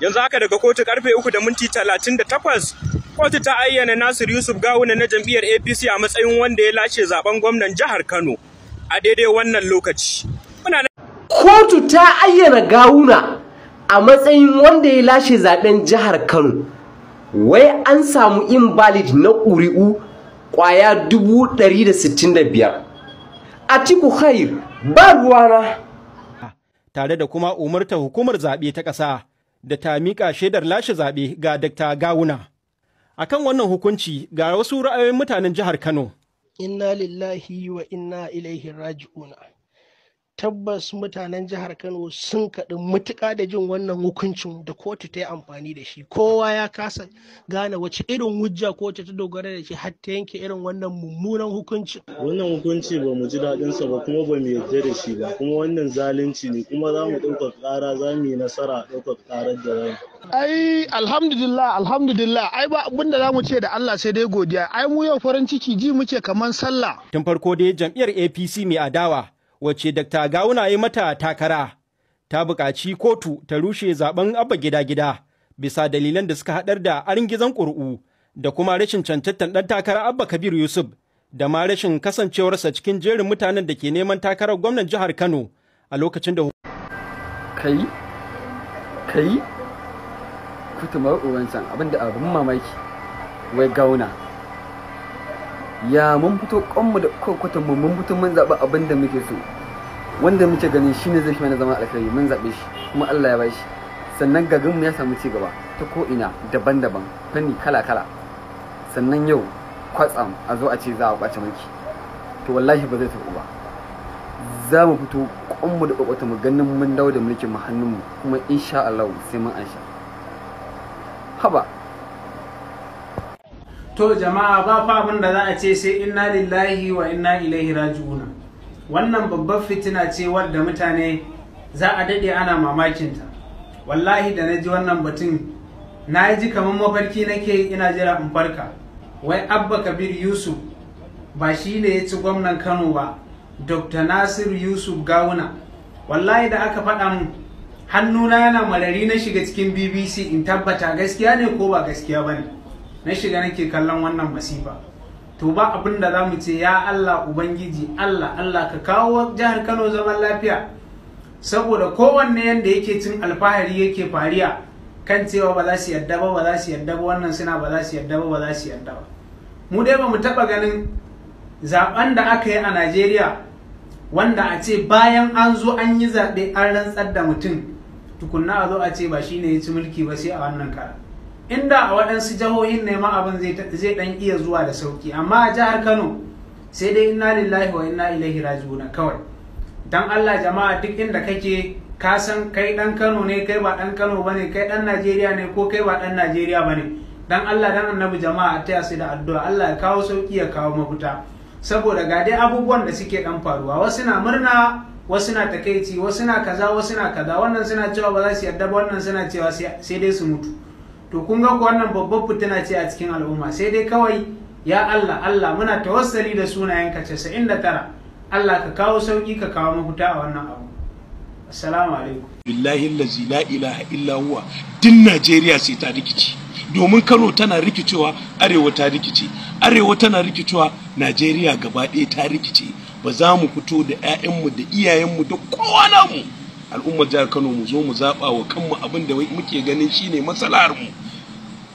yanzu haka daga kotu karfe uku da minti talatin da kotu ta ayyana nasir yusuf gawuna na jam'iyyar apc a matsayin wanda ya lashe zaben gwamnan jihar kano a daidai wannan lokaci kotu ta ayyana gawuna a matsayin wanda ya lashe zaben jihar kano wai an samu invalid na ƙuri'u ƙwaya 165 a tiku khair ba ruwana tare da kuma umarta hukumar zaɓe ta ƙasa da ta miƙa shaidar lashe zaɓe ga Dr. Gawuna. Akan wannan hukunci ga wasu ra'ayoyin mutanen jihar Kano. Inna lillahi wa inna ilaihi raji'una. tabbas mutanen jihar kano sun kaɗi mutuƙa da jin wannan hukuncin da kotu ta yi amfani da shi kowa ya kasa gane wace irin hujja kotu ta dogara da shi har ta yanke irin wannan mummunan hukuncin wannan hukunci ba mu ji daɗin sa ba kuma ba mu yarda da shi ba kuma wannan zalunci ne kuma za mu ɗaukar ƙara za mu yi nasara ɗaukar ƙarar da rai ai alhamdulillah alhamdulillah ai ba abin da za mu ce da Allah sai dai godiya ai mu yau farin ciki ji muke kaman sallah tun farko dai jam'iyyar APC mai adawa wacce Dr. Gawuna ya mata takara, ta buƙaci kotu ta rushe zaben abba gida-gida bisa dalilan da suka haɗar da gizan ƙuri'u da kuma rashin cancantar ɗan takara abba Kabir Yusuf da ma rashin kasancewarsa cikin jerin mutanen da ke neman takarar gwamnan jihar Kano a lokacin da kai kai kutumar abin da abin mamaki wai gauna ya mun fito kwanmu da kwakwatan mu mun fito mun zaɓi abin da muke so wanda muke ganin shi ne zai fi mana zama alkhairi mun zabe shi kuma Allah ya ba shi sannan gaganmu ya samu ci gaba ta ko ina daban-daban fanni kala-kala sannan yau kwatsam a zo a ce za a kwace mulki to wallahi ba zai taɓa ba za mu fito kwanmu da kwakwata mu ganin mun dawo da mulkin mu kuma insha Allah sai mun ansha haba to jama'a ba fa abin da za a ce sai inna lillahi wa inna ilaihi raji'una wannan babbar fitina ce wadda mutane za a daɗe ana mamakin ta. wallahi da na ji wannan batun na ji kamar mafarki nake ina jira in farka wai abba kabir yusuf ba shi ne ya ci gwamnan kano ba dr nasir yusuf gawuna wallahi da aka faɗa mu hannuna yana marari na shiga cikin bbc in tabbata gaskiya ne ko ba gaskiya ba ne na shiga nake kallon wannan masifa to ba abin da za mu ce ya Allah Ubangiji Allah Allah ka kawo jihar Kano zaman lafiya saboda kowanne yanda yake cin alfahari yake fariya kan cewa ba za su yadda ba ba za su yadda ba wannan suna ba za su yadda ba ba za su yadda ba mu dai ba mu taba ganin zaben da aka yi a Najeriya wanda a ce bayan an zo an yi zaɓe an rantsar da mutum tukunna a zo a ce ba shine ya ci mulki ba sai a wannan kara inda a waɗansu jihohin ne ma abin zai ɗan iya zuwa da sauƙi amma a jihar kano sai dai inna lillahi wa inna ilaihi raji'una kawai dan allah jama'a duk inda kake ka kai ɗan kano ne kai ba ɗan kano bane kai ɗan najeriya ne ko kai ba ɗan najeriya bane dan allah dan annabi jama'a a taya su da addu'a allah ya kawo sauƙi ya kawo mafita saboda ga dai abubuwan da suke ɗan faruwa wasu na murna wasu na takaici wasu na kaza wasu na kaza wannan suna cewa ba za su yarda ba wannan suna cewa sai dai su mutu to kun ga ku wannan babbar fitina ce a cikin al'umma sai dai kawai ya Allah Allah muna tawassali da sunayenka 99 Allah ka kawo sauki ka kawo mafita a wannan abu assalamu alaikum billahi allazi la ilaha illa huwa din Najeriya sai ta rikici domin Kano tana rikicewa arewa ta rikice arewa tana rikicewa Najeriya gaba ɗaya ta rikice ba za mu fito da 'ya'yanmu da iyayenmu da kowa namu al'ummar jihar kano mu zo mu zaɓa wa kanmu abin da muke ganin shine matsalar mu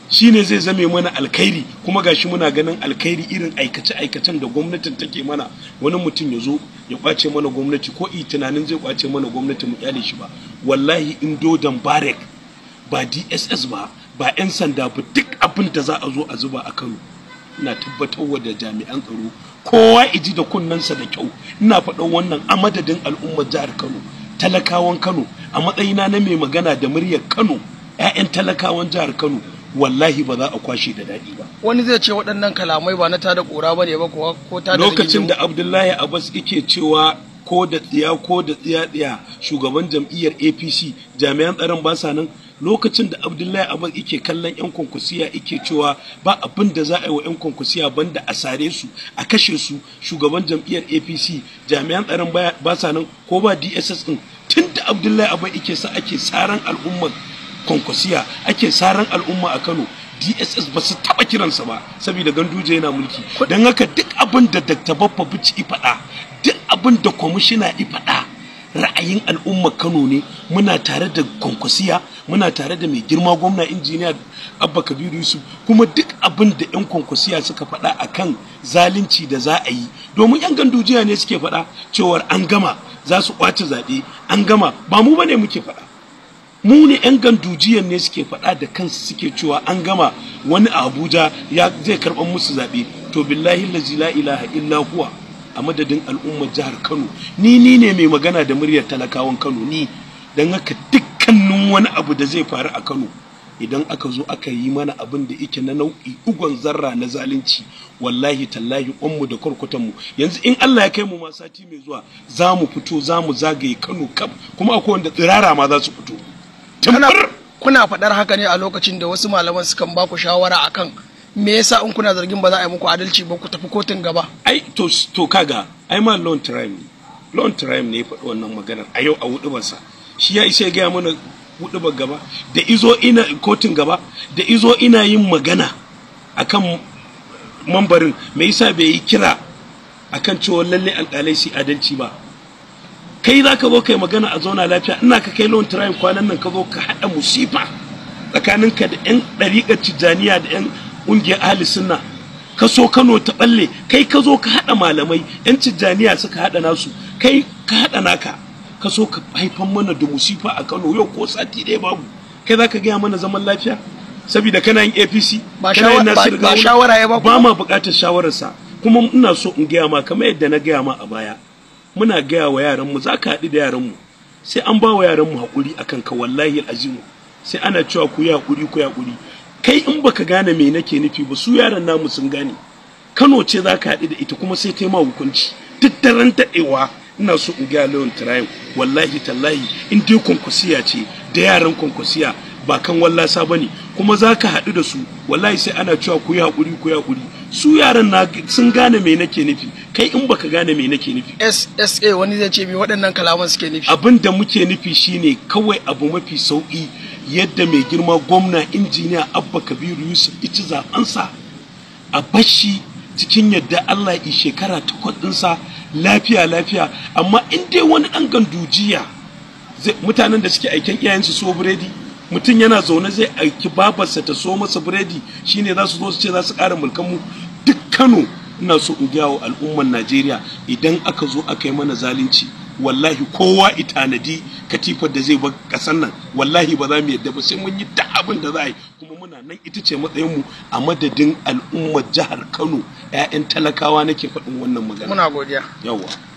shine zai zame mana alkhairi kuma gashi muna ganin alkhairi irin aikace aikacen da gwamnatin take mana wani mutum ya zo ya kwace mana gwamnati ko i tunanin zai kwace mana gwamnati mu kyale shi ba wallahi Indo dodon barek ba dss ba ba yan sanda ba duk abin da za a zo a zuba a kano ina tabbatarwa da jami'an tsaro kowa iji da sa da kyau ina faɗan wannan a madadin al'ummar jihar kano talakawan kano a matsayina na mai magana da muryar kano 'ya'yan talakawan jihar kano wallahi ba za a kwashe da daɗi ba wani zai ce waɗannan kalamai ba na tada ƙura ba ne ba ko tada lokacin da abdullahi abbas yake cewa ko da tsiya ko da tsiya tsiya shugaban jam'iyyar apc jami'an tsaron ba nan lokacin da abdullahi abin ike kallon yan kwankwasiya ike cewa ba abin da za a yi wa yan kwankwasiya banda a sare su a kashe su shugaban jam'iyyar apc jami'an tsaron ba sa nan ko ba dss din tun da abdullahi abin ike sa ake saran al'umma kwankwasiya ake saran al'umma a kano dss ba su taba kiransa ba saboda ganduje yana mulki don haka duk abin da dakta babba bici faɗa duk abin da kwamishina i faɗa ra'ayin al'umma kano ne muna tare da kwankwasiya muna tare da mai girma gwamna injiniya abba kabiru yusuf kuma duk abin da 'yan kwankwasiya suka faɗa a kan zalunci da za a yi domin 'yan gandujiya ne suke faɗa cewar an gama za su kwace zaɓe an gama ba mu ba muke faɗa mu ne 'yan gandujiya ne suke faɗa da kansu suke cewa an gama wani abuja ya zai karɓar musu zaɓe to billahi la ilaha illa huwa a madadin al'ummar jihar kano ni ni ne mai magana da muryar talakawan kano ni don haka dukkanin wani abu da zai faru a kano idan aka zo aka yi mana abin da ike na nau'i ugon zarra na zalunci wallahi tallahi ƙwanmu da mu yanzu in Allah ya kai mu ma sati mai zuwa za mu fito za mu zagaye Kano kam kuma akwai wanda tsirara ma za su fito kuna faɗar haka ne a lokacin da wasu malaman sukan ba ku shawara akan me yasa in kuna zargin ba za a yi muku adalci ba ku tafi kotun gaba ai to to kaga ai ma long time long time ne faɗi wannan maganar a yau a sa, shi ya isa ya gaya mana wudubar gaba da izo ina kotun gaba da izo ina yin magana akan mambarin me yasa bai yi kira akan cewa lalle alƙalai su adalci ba kai za ka zo kai magana a zauna lafiya ina ka kai long time kwanan nan ka zo ka haɗa musifa tsakanin ka da 'yan ɗariƙar tijjaniya da 'yan ƙungiyar ahli sunna ka kano ta balle kai ka zo ka haɗa malamai yan tijjaniya suka haɗa nasu kai ka haɗa naka ka so ka haifan mana da musifa a kano yau ko sati ɗaya babu kai za ka gaya mana zaman lafiya saboda kana yin apc ba shawara ya ba ma buƙatar shawararsa kuma ina so in gaya ma kamar yadda na gaya ma a baya muna gaya wa yaranmu za ka haɗu da yaranmu sai an ba wa yaranmu haƙuri akan ka wallahi al'azimu sai ana cewa ku yi haƙuri ku yi haƙuri kai in baka gane me nake nufi ba su yaran namu sun gane kano ce za ka haɗu da ita kuma sai ta ma hukunci duk daren daɗewa ina so in gaya lawan tirayin wallahi tallahi in dai kwankwasiya ce da yaran kwankwasiya ba kan wallasa ba ne kuma za ka haɗu da su wallahi sai ana cewa ku yi haƙuri ku yi haƙuri su yaran na sun gane me nake nufi kai in baka gane me nake nufi ssa wani zai ce me waɗannan kalaman suke nufi abin da muke nufi shine kawai abu mafi sauƙi yadda mai girma gwamna injiniya abba kabiru yusuf ici zaɓensa a bashi cikin yadda allah yi shekara takwas ɗinsa lafiya lafiya amma in dai wani ɗan gandujiya mutanen da suke aiken iyayensu so biredi mutum yana zaune zai aiki babarsa ta so masa biredi shine za su zo su ce za su ƙara mulkanmu duk kano ina so in gaya wa al'ummar najeriya idan aka zo aka yi mana zalunci wallahi kowa itanadi katifar da zai bar kasar nan wallahi ba za mu yadda ba sai mun yi da abin da za a yi kuma muna nan ita ce matsayinmu a madadin al'ummar jihar kano 'ya'yan talakawa nake faɗin wannan magana